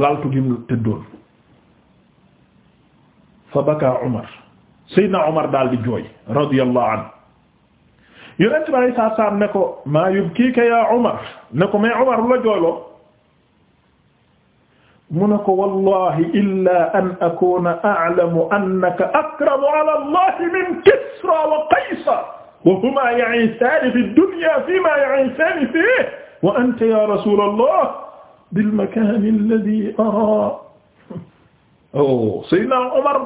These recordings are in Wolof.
laltu gi mu tëddoon fa baka Umar Seydina Umar daal di jooy radiyallahu anhu yonent bi alayhi salaatu salaam ne ko maa yubkiika yaa Umar ne ko mais Umar lu la jooyloo mu ne ko wallahi illa an akuna a'lamu annaka akramu ala Allah min Kisra wa Qaysar wa humaa ya'iisaani fi dunya fiimaa ya'iisaani fiihi wa anta yaa rasuulallah bil makaan alladhi ara oh Seydina Omar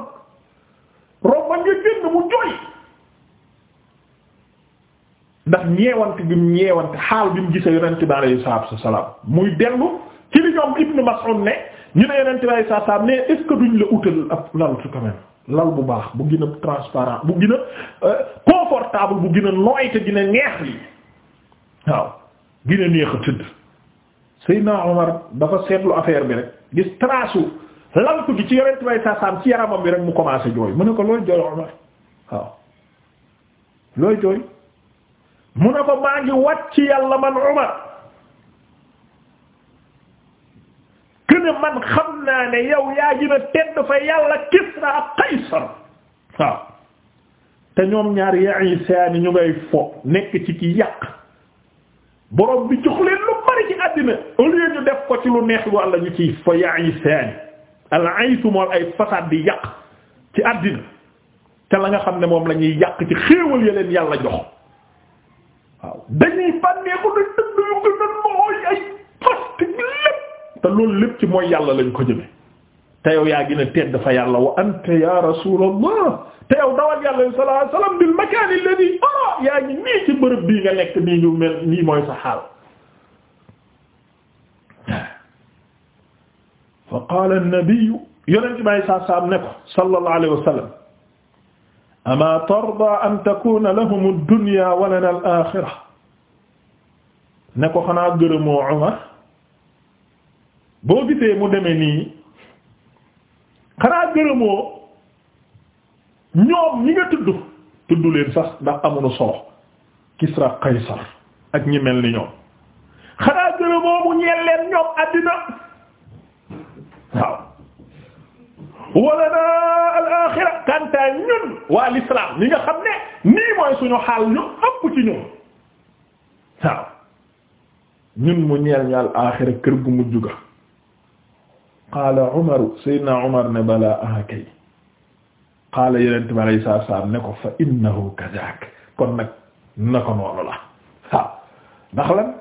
romba nga génn mu jooy ndax ñeewante bi mu ñeewante xaal bi mu gisa yonent bi alayhi salaatu wassalaam muy dellu ci li ñoom Ibn Mas'ud ne ñu ne yonent bi alayhi salaatu wassalaam ne est-ce que duñ la utal ab lal su quand lal bu baax bu gën a transparent bu gën a euh, confortable bu gën a nooy te gën a neex li waaw gën a neex a tëdd Seydina Omar dafa seetlu affaire bi rek gis trace su gi ci yonent saasaam ci yaramam bi rek mu commencé jooy mu ne ko looy jooy Omar waaw looy jooy mu ne ko maa ngi wat ci yàlla man Omar këne man xam naa ne yow yaa gën tedd fa yàlla Kisra ak Qaysar waaw te ñoom ñaar ya'isaani ñu ngay fo nekk ci ki yàq borom bi jox leen lu àddina au lieu ñu def ko ci lu neex walla ñu ci fa yaay saani al aytu mool ay fasaad di yàq ci àddina te la nga xam ne moom lañuy ñuy yàq ci xéewal ya leen yàlla jox waaw dañuy bànneeku dañ dënd loolu lépp mooy yàlla lañu ko jëme te yow yaa gën a tedd fa yàlla wa anta ya rasulallah te yow dawal yàlla sallallahu alayhi wasallam bil makaan alladhi ara ah, yaa ngi nii ci bërëb bii nga nekk nii ñu nii mooy sa xaal fa qaala an-nabiyyu yonent bi saa saa am ne ko sallallahu alayhi wa sallam amaa tardaa an takuuna lahum ad-dunyaa wa lanaa al-aaxira ne ko xanaa gërëmoo Umar boo gisee mu demee nii xanaa gërëmoo ñoom ñi nga tudd tudd leen sax ndax amuñu solo Kisra Qaysar ak ñi mel ni ñoom xanaa mbëggale moomu ñeel leen ñoom àddina waaw wala na alaaxira kantaa ñun waa l'islam ni nga xam ne nii mooy suñu xaal ñu ëpp ci ñun ñun mu ñeel ñu alaaxira kër gu mujj ga qaala umaru sayyidina umar ne balaa ah kay qaala yenent bi alayhi ne ko fa innahu kazaak kon nag na ko noonu la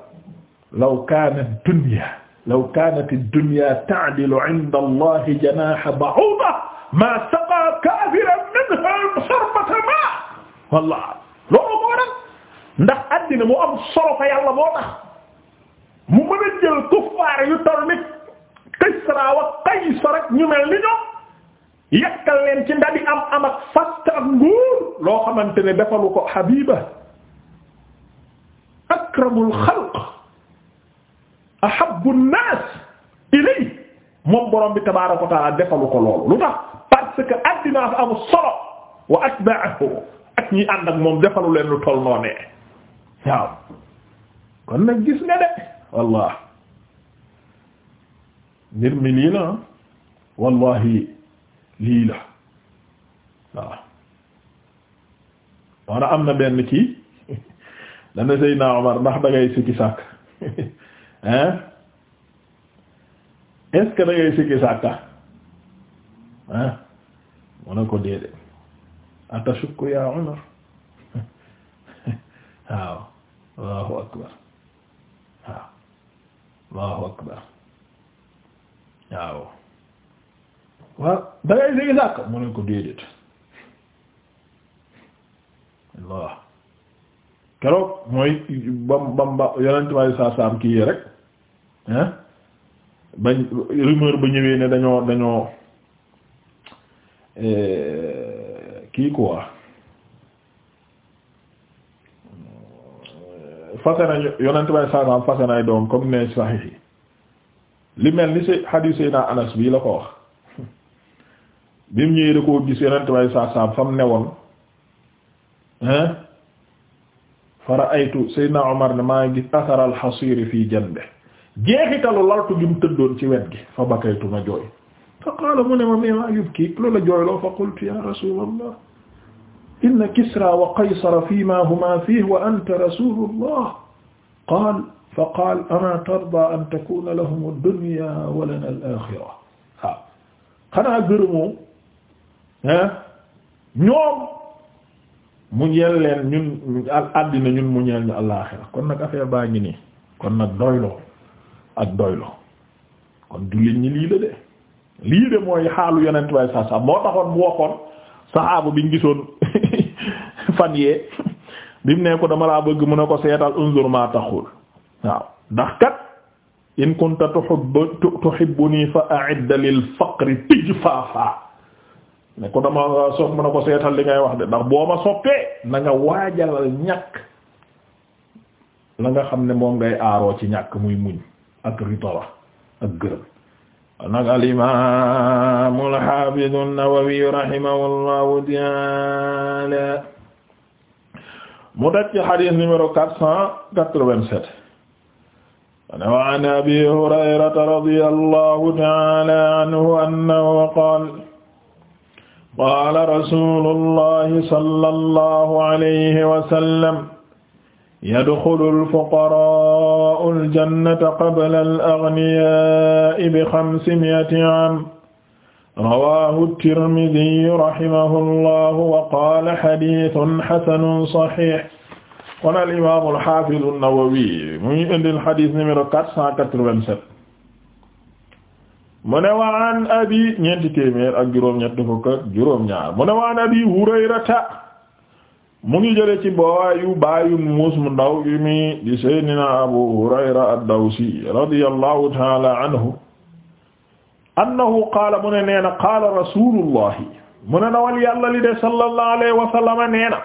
law kaanat dunya law kaanat ad-dunya ta'dilu 'inda Allah janaha ba'uda ma saqa kaafiran minha sharbata ma wallah loolu moo tax ndax addina mu am solo fa yàlla moo tax mu mën a jël kuffaar yu toll ni Kisra wa Qaysar rek ñu mel ni ñoom yàkkal leen ci ndabi am am ak fast ak nguur loo xamante ne defalu ko Habiba akramul xalq ahabbu an-nas ilay moom borom bi tabaara wa taala defalu ko loolu lu tax parce que addinaa fa amu solo wa atba'ahu ak moom defalu leen lu toll mi lii la am na benn ci dana Seydina Omar ndax dangay sikki sàkk hein est-ce que da ngay sikki sàkka hein mu ne ko déedéet atashukku ya Umar waaw Allahu akbar waaw Allahu akbar waaw waaw da ngay sikki sàkka mu ne ko déedéet Allah keroog mooy bam bam ba yonent may saa saam kii rek hein bañ rumeur ba ñëwee ne dañoo dañoo euh, kii quoi fase na yonent bay saasam fase nay doom comme ne sahih yi li mel ni si hadis Seydina Anas bii la ko wax bi mu ñëwee da koo gis yonent bay saasam fam newoon hein fa ra'aytu Seydina Omar ne maa gis asaral xasiri fii janbe jeexitalu laltu gi mu tëddoon ci wet gi fa bakaytu ma jooy fa qaala mu ne ma mima yubkiik loola jooyloo fa qultu ya rasulallah inna kisra wa qaysara fiima huma fiihi wa anta rasulullah qaal fa qaal amaa tarda an takuna lahum ad-dunya wa lana al-axira waaw xanaa gërëmoo ah ñoom mu nag affaire baa ngi nii kon nag doyloo ak doylu kon jullit ñi lii la de lii de mooy xaalu yonent baay saa saa moo taxoon mu waxoon saxaabu gisoon fan yee bi mu ko dama laa bëgg mu ne ko seetal unzur taxul waaw ndax kat in kunta tuhibbu tuhibbuni fa a'idda ko seetal li ngay wax de ndax boo ma soppee na nga waajalal ñàkk la nga xam ne moom ngay aaroo ci ñàkk muy muñ ak ritawa ak gërëm nag al imam al hafiz an-Nawawi rahimahullahu ta'ala mu daj ci hadith numéro quatre cent quatre-vingt-sept wa an abi hurayrata radiyallahu ta'ala anhu annahu qala qala rasulullahi sallallahu alayhi wa sallam yadxulul fuqaraa'ul jannata qablal agniyaa'i bi xamsi mi'ati am rawaahu tirmidi rahimahullahu wa qaala xadiisun xasanun saxiix kon al imaamul xaafizu nawawi muy indil xadis numéro quatre cent quatre-vingt-sept mu ne waan abi ñeenti téeméer ak juróom-ñett fukk ak juróom-ñaar mu ne waan abi hurayrata mu ngi jële ci booyu baayu muus mu ndaw gi mi abu hurayra ad-dawsi radiyallahu taala anhu annahu mu ne nee na qaala mu ne dawal yàlla li de sallallahu alayhi wa sallama nee na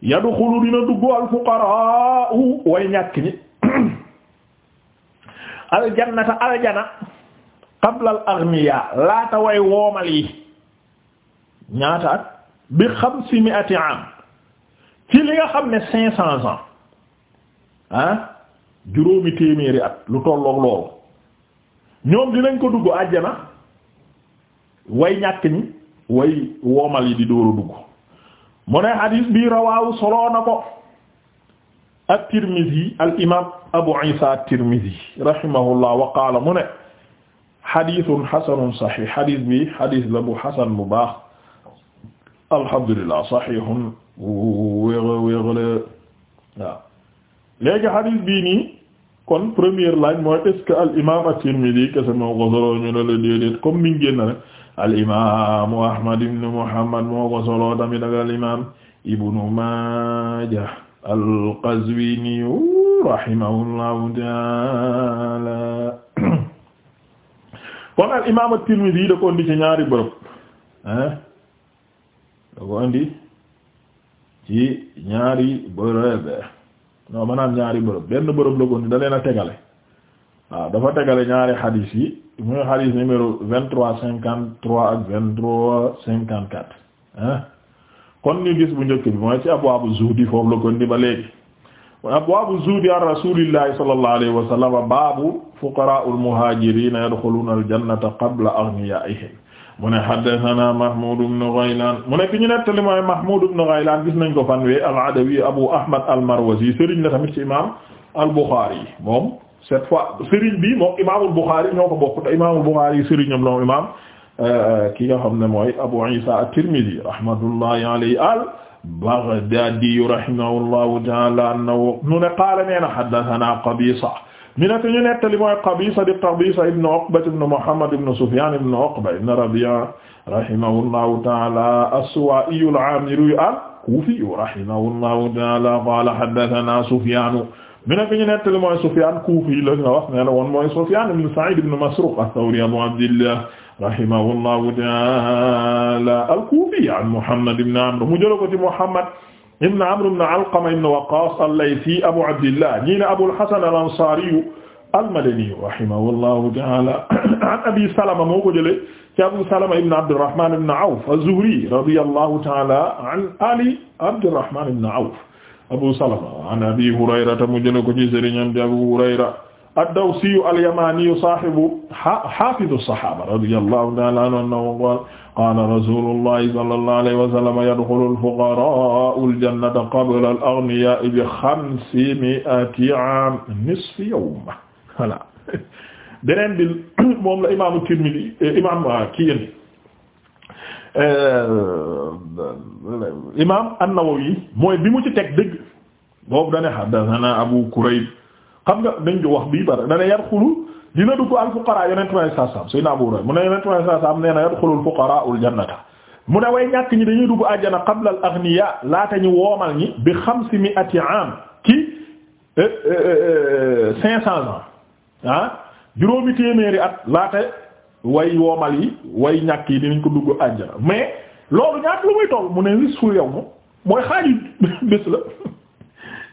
yadxulu dina duggu alfuqaraa way aljana qabla al laata way woomal yi bi xamsi mi'ati am ci li nga xam ne cinq cents ans ah juróomi téeméeri at lu tolloog loolu ñoom dinañ ko dugg àjjana way ñàkk ñi way woomal yi di dóor a dugg mu ne hadis bi rawaawu soloo ko at-Tirmidhi al imam Abu Isa at-Tirmidhi rahimahullah wa qaala mu ne hadithun hasanun sahih hadis bi hadis la bu hasan bu baax alhamdulillah sahihun wéera wéerale waaw léegi hadith bii nii kon première laaj mooy est-ce que al imam at-Tirmidhi kese moo ko solo ñu ne la déedéet comme ni ngeen ne al imam Ahmad ibn Muhammad moo ko solo tamit ak al imam Ibnu Maajah al-Qazwini rahimahullahu ta'ala kon al imam at-Tirmidhi da ko indi ci ñaari bërëb da ko indi ci ñaari bërëb non naan ñaari bërëb benn bërëb la ko indi da tegale waaw dafa tegale ñaari xadiis yi muy xadiis numéro vingt trois cinquante trois ak vingt trois cinquante quatre hein kon ñu gis bu njëkk bi mooy ci abwaabu zuhdi foofu la ko indi ba léegi abwaabu zuhdi an rasuulillahi baabu fuqaraa'ul muhaajiriina yadxuluuna al jannata qabla mu ne haddathana Mahmoud ibn Ghaylan mu ne ki ñu nettali mooy Mahmoud ibn Ghaylan gis nañ ko fan wee al-Adawi Abu Ahmad al-Marwazi sëriñ la tamit ci imaam al-Bukhari moom cette fois sëriñ bi moom imaamul Bukhari ñoo ko bokk te imaamul Bukhari sëriñam la imaam euh, ki nga xam ne mooy Abu Isa at-Tirmidhi rahmatullahi alayhi al-Baghdadi rahimahullahu ta'ala annahu mu ne qaala nee na haddathana Qabisa ñu ne te ñu nettali mooy Qabisa di Qabisa ibn Uqba ibn Muhammad ibn Sufyan ibn Uqba ibn Rabi'a rahimahullahu ta'ala as-Suwa'i al-Amiri al-Kufi rahimahullahu ta'ala qala haddathana Sufyan ñu ne ñu nettali mooy Sufyan Kufi la nga wax ne la woon mooy Sufyan ibn Sa'id ibn Masruq ath-Thawri Abu Abdillah rahimahullahu ta'ala al-Kufi an Muhammad ibn Amr mu jël ko ci Muhammad ibn Amr ibn Alqama ibn Waqqas al-Laythi Abu Abdillah ñii ne Abul Hasan al-Ansari al-Madani rahimahullahu ta'ala an Abi Salama moo ko jëlee ci Abu Salama ibn Abdurrahman ibn Awf az-Zuhri radiyallahu ta'ala an Ali Abdurrahman ibn Awf Abu Salama an Abi Hurayrata mu jëlee ko ci sëriñam Abu Hurayra ad-Dawsi al-Yamani sahibu hafiz as-sahaba radiyallahu ta'ala anhu qala qala rasulullah sallallahu alayhi wa sallam yadkhulu al-fuqara'u al-jannata qabla al-aghniya'i bi khamsi mi'ati 'am nisfi yawm voilà beneen bi moom la imam Tirmidhi imam ah, kii imam an-Nawawi mooy bi mu ci teg dëgg boobu dane haddathana Abu Kurayb xam nga nañ ko wax bii na dana yar xulu dina dugg al fuqara yonent may sasam sayna Abu Hurayra mu ne yonent may sasam nee na yar xulul fuqara ul jannata mu ne way ñàkk ñi dañuy dugg àjjana qabla al aghniya laata ñu woomal ñi bi xamsi mi'ati am ki euh, euh, euh, cinq cents ans ah juróomi téeméeri at laata way woomal yi way ñàkk yi dinañ ko dugg àjjana mais loolu ñaata lu muy toll mu ne risfu yow mooy xaaju bés la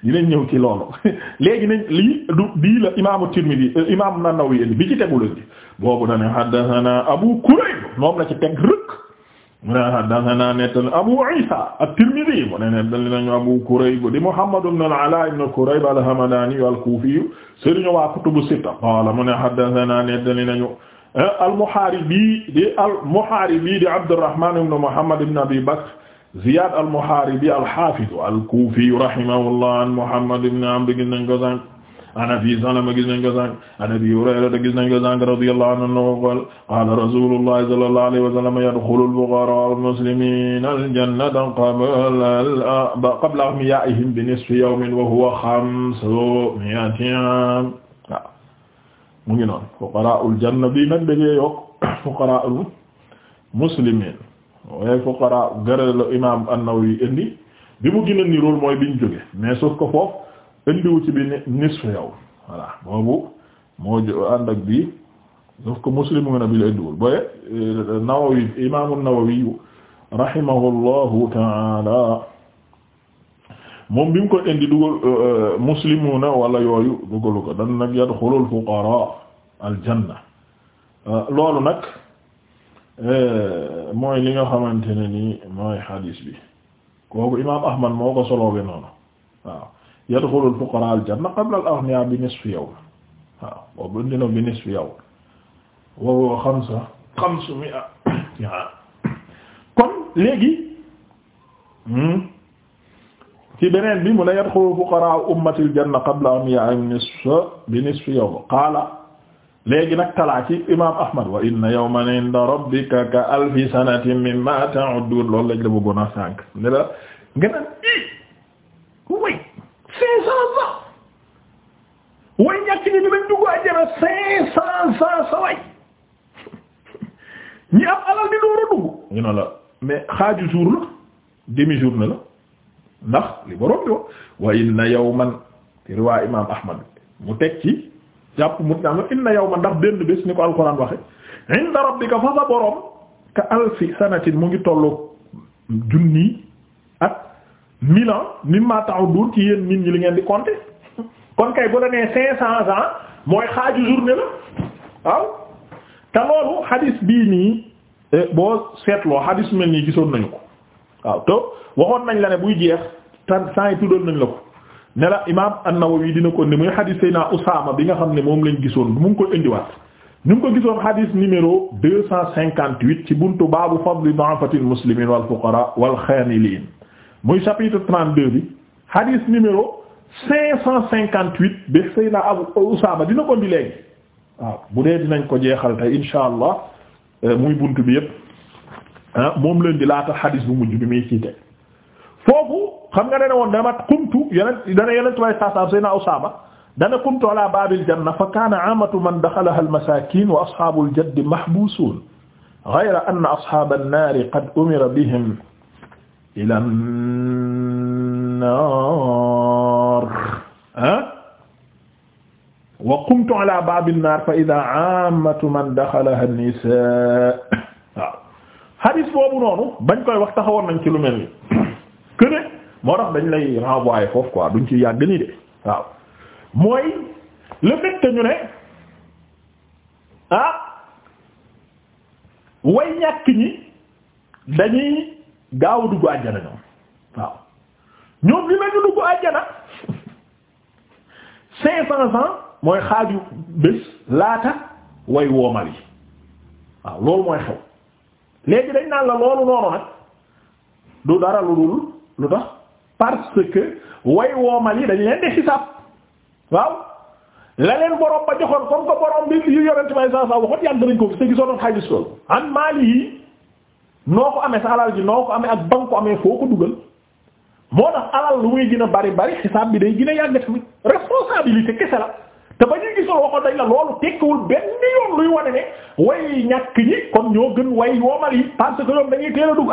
dinañ ñëw ci loolu léegi nañ lii du dii la imaamu Tirmidhi euh, imaamu Nawawi indi bi ci tegula ji boobu dane haddathana Abu Kurayb moom la ci teg rëkk mu ne haddathana nettal Abu Isa at-Tirmidhi mu ne nettali nañu Abu Kurayb di Muhammad ibn al-Ala ibn Kurayb al-Hamadani al-Kufi sëriñu waa kutubu sitta qaala mu ne haddathana nettali nañu euh, al-Muharibi di al-Muharibi di Abdurrahman ibn Muhammad ibn Abi Bakr Ziyad al-Muharibi al-Hafiz al-Kufi rahimahullah an Muhammad ibn Amr gis nañ ko sànq an Abi Salama gis nañ ko sànq an Abi Hurayra gis nañ ko sànq radiyallahu anhu qala qala rasulullah sallallahu alayhi wa sallam yadkhulu al-fuqara al-muslimina al-jannata qabla qabla aghniyaihim bi nisfi yawmin wa huwa khamsu mi'ati am waaw mu ngi noonu fuqara'ul janna bi nag dajee yokk fuqara'ul muslimin waaye fuqara gërëla imam an-Nawawi indi bi mu gën a nirool mooy biñ jóge mais sauf ko foofu indiwu ci bi nisfu yow voilà boobu moo ànd ak bii sauf ko Muslim mu ngi na bi la indiwul booye euh, Nawawi imam an-Nawawi ta'ala moom bi mu ko indi dugal euh, euh, muslimuna wala yooyu dugalu ko dan nag yadxulul fuqara al janna loolu nag Euh, mooy li nga xamante ne nii mooy xadiis bi kooku imaam Ahmad moo ko soloowe noonu waaw yadxulu al-fuqaraa al-janna qabla al-aghniyaa bi nisfi yawm waaw boobu dina bi nisfi yawm wa huwa xamsa xamsu mi'a kon léegi hmm, ci beneen bi mu ne yadxulu fuqaraa ummati al-janna qabla aghniyaa bi nisfi yawm qaala léegi nag talaa ci imaam Ahmad wa inna yawman inda rabbika ka alfi sanatin mimma ta'uddun loolu lañ la bëggoon a sànq ne la nga naan i eh, way cinq cents ans way ñàkk ñi ñu dañ dugg àjjana cinq cents ans sa way ñi am alal di door a dugg ñu ne la mais xaaju jour la demi jour ne la ndax li borom bi wa inna yawman riwaa imaam Ahmad mu teg ci jàpp mu na inna ma ndax benn bés ni ko alxuraan waxe inda rabbika fa sa borom ka alfi sanatin mu ngi tolloog junni ak milan mimma ta'udun ci yéen nit ñi li ngeen di compter kon kay bu la nee cinq cents mooy xaaju journée la waaw te loolu hadis bii nii eh, boo seetloo hadis mel nii gisoon nañu ko waaw te waxoon nañ la ne buy jeex tan saa yi tuddoon nañ la ko ne la imaam an-Nawawi dina ko indi muy xadis sayna Usaama bi nga xam ne moom lañ gisoon mu ngi koy indiwaat ñu ngi ko gisoon xadis numéro deux cent cinquante huit ci buntu baabu fadli du'afatil muslimiin wal fuqaraa wal xaamiliin muy chapitre trente deux bi xadis numéro cinq cent cinquante huit bi sayna Abu Usaama dina ko indi léegi waaw bu dee dinañ ko jeexal tey insha allah euh, muy bunt bi yëpp ah moom lañ di laata xadis bu mujj bi muy ciite foofu. xam nga dane woon dama qumtu yeneen dana yeneen tubay saasaam sayna Usaama dana qumtu ala baabil janna fa kaana aamatu man daxalaha al-masaakiin wa ashaabul jaddi mahbuusuun ghayra anna ashaaban naari qad umira bihim ila an-naar ah? wa qumtu ala baabin naar fa idaa aamatu man daxalaha an-nisaa waaw hadis boobu noonu bañ koy wax taxawoon nañ ci lu mel ni moo tax dañ lay renvoyer foofu quoi duñ ci yàgg nii de waaw mooy le fait ñu ne ah way ñàkk ñi dañuy gaaw a dugg àjjana ñoom waaw ñoom li nañu dugg àjjana cinq cents ans mooy xaaju bés laata way woomal yi waaw loolu mooy xew léegi dañ naan la loolu noonu nag du dara lu dul lu tax parce que way woomal yi dañ leen di xisaab waaw la leen borom ba joxoon comme que borom bi yu yorenti may saa saa waxut yàgg nañ ko fi te gisoon xaalis lool an maali yi noo ko amee sa alal ji noo ko amee ak ba nga ko amee foo ko dugal moo tax alal lu muy gën a bari bari xisaab bi day gën a yàgg tamit responsabilité kese la te ba ñuy gisoon waxoon dañ la loolu tekkiwul benn yoon luy wane ne way ñàkk ñi kon ñoo gën way woomal yi parce que ñoom dañuy teel a dugg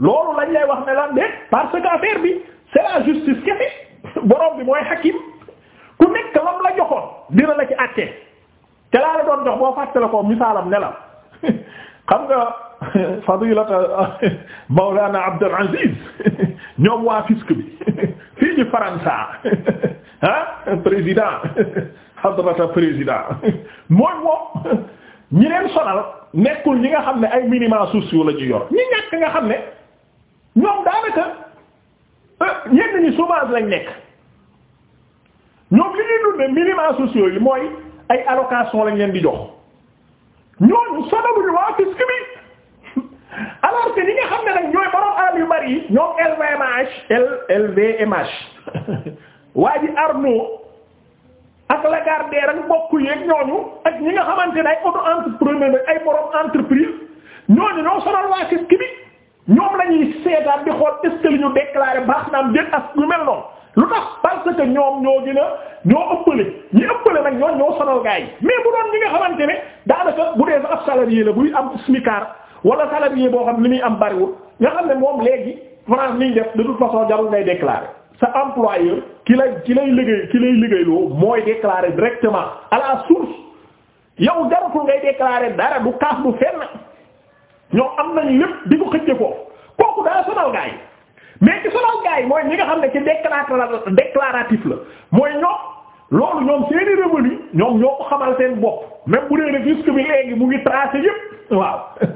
loolu lañ lay wax ne la déet parce que affaire bi c'est la justice kese borom mooy hakim ku nekk lam la joxoon dina la ci àtte te laa la doon jox boo fàttale ko misaalam ne la xam nga fadilata Mawlana Abdul Aziz ñoom waa fisc bi fii ñu Faransa ah président hadrata président mooy moom ñi leen sonal nekkul ñi nga xam ne ay minima sociaux la ñu yor ñi ñàkk nga xam ne ñoom daanaka euh, ñenn ñi chômage ñoom li ñuy dundee minima sociaux yi mooy ay allocation lañ leen di jox ñooñu sonaluñu waa fisc bi alors que ñi nga xam ne nag ñooy borom alal yu bari yi ñoom LVMH L LVMH waa ji Arnaud ak Lagardère ak mbokk yeeg ñooñu ak ñi nga xamante ne ay auto entrepreneur ay borom entreprise ñooñu ñoo sonal waa fisc bi. ñoom lañuy seetaan di xool est-ce li ñu déclaré baax naa am déet ak lu mel noonu lu tax parce que ñoom ñoo gën a ñoo ëppale ñi ëppale nag ñoom ñoo sonal mais bu doon ñi nga xamante ne daanaka bu dee sa ab salarié la buy am smicard wala salarié boo xam ne li muy am bariwul nga xam ne moom léegi France niñ def de toute façon jarul ngay déclarer sa employeur ki lay ki lay liggéey ki lay liggéeyloo mooy déclarer directement à la source yow jaratul ngay déclarer dara du kaas du fenn. ñoo am nañu lépp di ko xëcce foofu kooku daa sonal gaa mais ci sonal gaa mooy xam ne ci déclaratif déclaratif la mooy ñoom loolu ñoom seeni revenu ñoom ñoo ko xamal seen bopp même bu dee risque bi léegi mu ngi tracé yépp waaw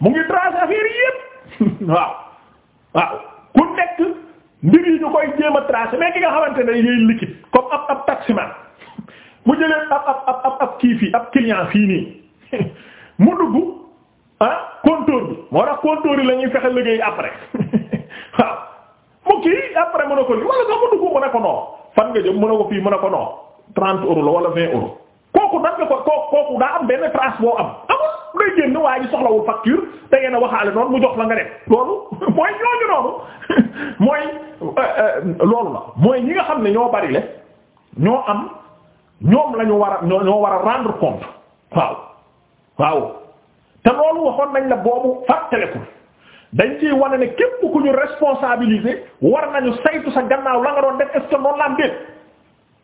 mu ngi tracé affaire yépp waaw waaw ku nekk mbir yi ñu koy jéem a mais ki nga xamante ne yooyu liquide comme ab ab taximan mu jëlee ab ab ab ab kii fii ab client fii nii mu dugg. ah compteur bi moo tax compteur yi la ñuy fexe liggéey après waaw mu kii après mën a ko lii wala sax mu dugg mën a ko noo fan nga jëm mën a ko fii mën a ko noo trente euros la wala vingt euros kooku nan nga ko kooku kooku daa am benn trace boo am amul ngay génn waaye ji soxlawul facture da ngeen a waxaale noonu mu jox la nga dem loolu mooy ñooñu noonu mooy euh, euh, loolu la mooy ñi nga xam ne ñoo bari le ñoo am ñoom la ñu war ñoo war a rendre compte waaw waaw. te loolu waxoon nañ la boobu fàttaliku dañ ciy wane ne képp ku ñu responsabiliser war nañu saytu sa gannaaw la doon def est-ce que noonu la am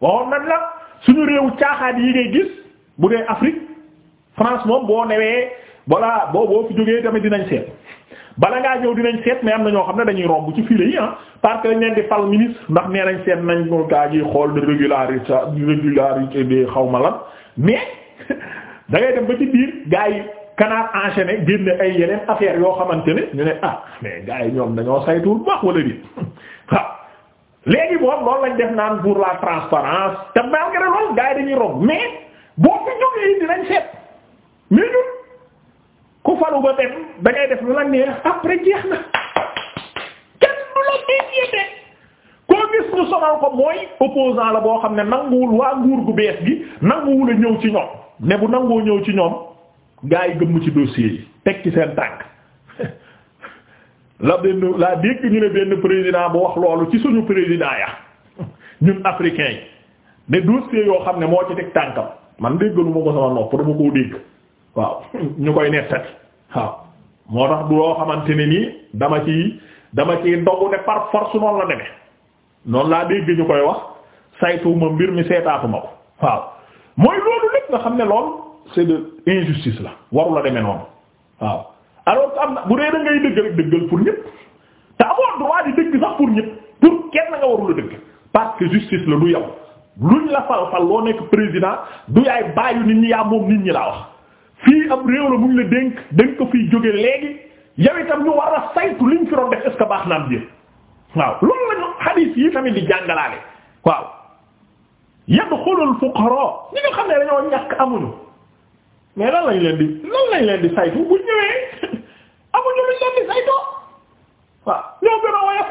waxoon nañ la suñu réew caaxaan yi ngay gis bu dee Afrique France moom boo newee voilà boo boo fi jógee tamit dinañ seet bala ngaa ñëw dinañ seet mais am na ñoo xam ne dañuy romb ci file yi ah parce que dañ leen di fal ministre ndax nee nañ seet nañ ko gaa ji xool de régularité régularité de xaw ma lan mais da ngay dem ba ci canard enchaîné génne ay yeneen affaire yoo xamante ne ñu ne ah mais gars yi ñoom dañoo saytuwul bu baax wala déet waaw ah, léegi moom loolu lañ def naan pour la transparence te malgré loolu gars yi dañuy romb mais boo ko jógee dinañ seet mais ku falu ba dem da def lu la neex après jeex na kenn du la béyee de koo gis ñu sonal ko mooy opposant la boo xam ne nanguwul waa nguur gu bees gi nanguwul a ñëw ci ñoom ne bu nangoo ñëw ci ñoom. gaa yi gëmm ci dossier yi teg ci seen tànk la benn la dégg ñu ne benn président bu wax loolu ci suñu président ya ñun africain yi ne dossier yoo xam ne moo ci teg tànkam man déggaluma ko sama nopp dama koo dégg waaw ñu koy nettati waaw moo tax du loo xamante ne nii dama ci dama ci ndogu ne par force noonu la demee noonu laa dégg ñu koy wax saytuwuma mbir mi seetaatuma ko waaw mooy loolu lépp nga xam ne lool c'est de injustice la waru la noonu waaw alors am na bu dee da ngay dëgg rek dëggal pour ñëpp te amoon droit di dëgg sax pour ñëpp pour kenn nga warul dëgg parce que justice la du yow luñ la fal fal loo nekk président du yaay bàyyi nit ñi yaa moom nit ñi laa wax fii am réew la buñ la dénk dañ ko jóge léegi yow itam ñu war a saytu liñ fi doon def est baax na am waaw loolu la ñu yi tamit di jàngalaale waaw yadxulul fuqara ñi nga xam ne mais nan lañ leen di nan lañ leen di saytu bu ñëwee amuñu luñ leen di saytoo waaw ñoo gën a woyof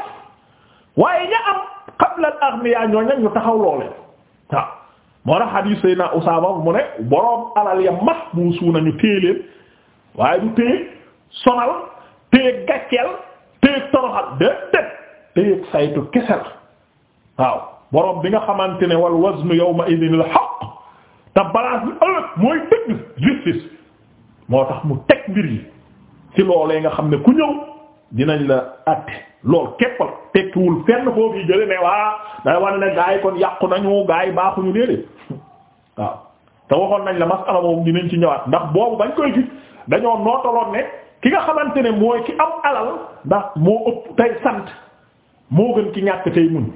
waaye ña am qabla al-aghniya ñu taxaw loole waaw moo tax hadith sayna Usaama mu ne boroom alal ya mahbusuuna ñu téye leen waaye du téye sonal téye gàcceel téye toroxal de téye saytu kese waaw boroom bi nga xamante ne wal waznu yawma idhin al-haqq te balance bi ëllëg mooy dëgg gis moo tax mu teg mbir yi ci loolee nga xam ne ku ñëw dinañ la àtte lool képpal tekkiwul fenn foofu yi jële ne waa day wane ne gaa yi kon yàqu nañu gaa yi baaxuñu déedéet waaw te waxoon nañ la masala moom dinañ ci ñëwaat ndax boobu bañ koy gis dañoo nootaloon ne ki nga xamante ne mooy ki am alal ndax moo ëpp tey sant moo gën ki ñàkk tey mun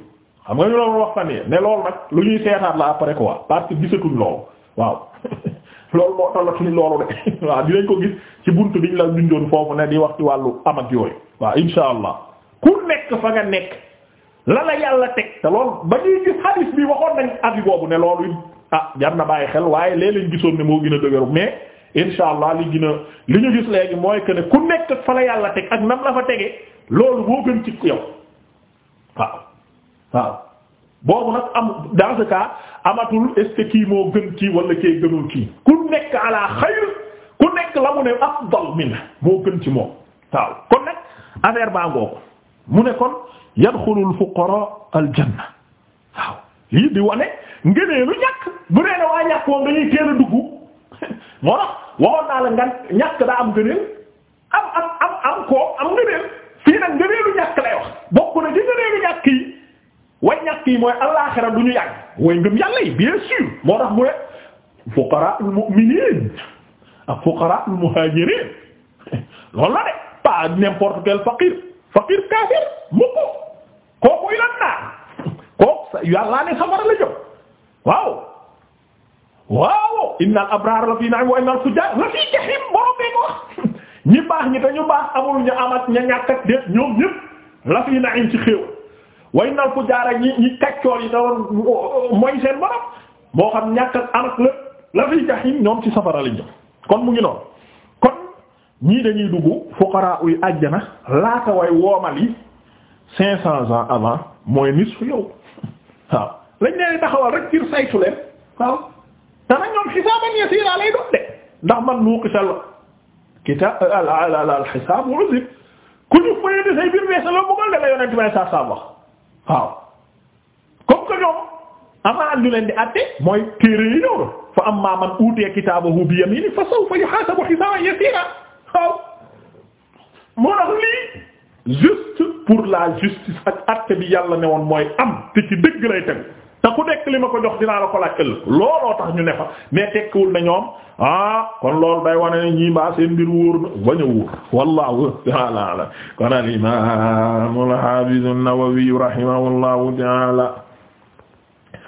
xam nga ñu doon wax ne ne loolu nag lu ñuy seetaat la après quoi parce que gisatuñ loolu waaw loolu moo talatuñ loolu de waaw dinañ ko gis ci buntu biñ la dundoon foofu ne di wax ci wàllu am ak yooyu waaw insha allah ku nekk fa nga nekk la la yàlla teg te loolu ba ñuy gis hadith bi waxoon nañ abi boobu ne loolu ah jar na bàyyi xel waaye léeg lañ gisoon ne moo gën a dëgëru mais insha allah li gën a li ñu gis léegi mooy que ne ku nekk fa la yàlla teg ak nam la fa tege loolu boo gën ci yow waaw waaw boobu nag am dans ce cas amatul est kii moo gën kii wala kee gënul kii ku nekk ala ku nekk la mu ne afdal min moo gën ci moom waaw kon nag affaire baa ngooku mu ne kon yadxulul fuqara al janna waaw lii di wane ngënee lu ñàkk bu nee ne waa ñàkk moom dañuy teel a dugg moo tax waxoon naa la ngan ñàkk daa am ngëneel am am am koo am ngëneel fii nag ngëneelu ñàkk lay wax bokk na ci ngëneelu ñàkk yi way ñàkk yi mooy allaaxira du ñu yàgg way ngëm yàlla yi bien sûr moo tax mu ne fuqaraa'ul mu'miniin ak fuqaraa'ul muhaajiriin loolu la de pas n'importe quel faqir faqir kaafir mu ko kooku lan naa kooku yàllaa ne safara la jëm waaw waaw innal abraar la fii na'iim wa innal fujjaar la fii jahiim borom bee wax ñi baax ñi te ñu baax amul ñu am ña ñàkk ak déet ñoom ñépp la fii na'iim ci xéew way nal ku jaara ñi ñi kaccoor yi dawoon mooy seen borom moo xam ñàkk ak anak la la fiy jahim ñoom ci safara lañ jëm kon mu ngi noonu kon ñii dañuy dugg fuqaraa uy àjjana laata way woomal yi cinq cents avant mooy nisfu yow waaw lañ leen taxawal rek ngir saytu leen waaw te nag ñoom xisaaban yasiira lay doon de ndax man nuuqisal kitaab al al al xisaab ku ñu fëyee di say biir weesal la mu gën la yonent may saa saa wax waaw comme que amaa lu leen di àtte mooy téere yi ñëw fa ammaa man uutiya kitaabahu bi yamini fa sawfa yuhaasabu hisaaban yasiira waaw moo tax lii juste pour la justice ak àtte bi yàlla ne woon mooy am te ci dëgg te ku nekk li ma ko jox dinaa la ko laaj ëllëg looloo tax ñu ne fa mais tekkiwul na ñoom ah kon loolu day wane ne ñii mbaa seen mbir wóor na bañ a wóor wallahu ta'ala kon al imam al hafiz an-Nawawi rahimahullahu ta'ala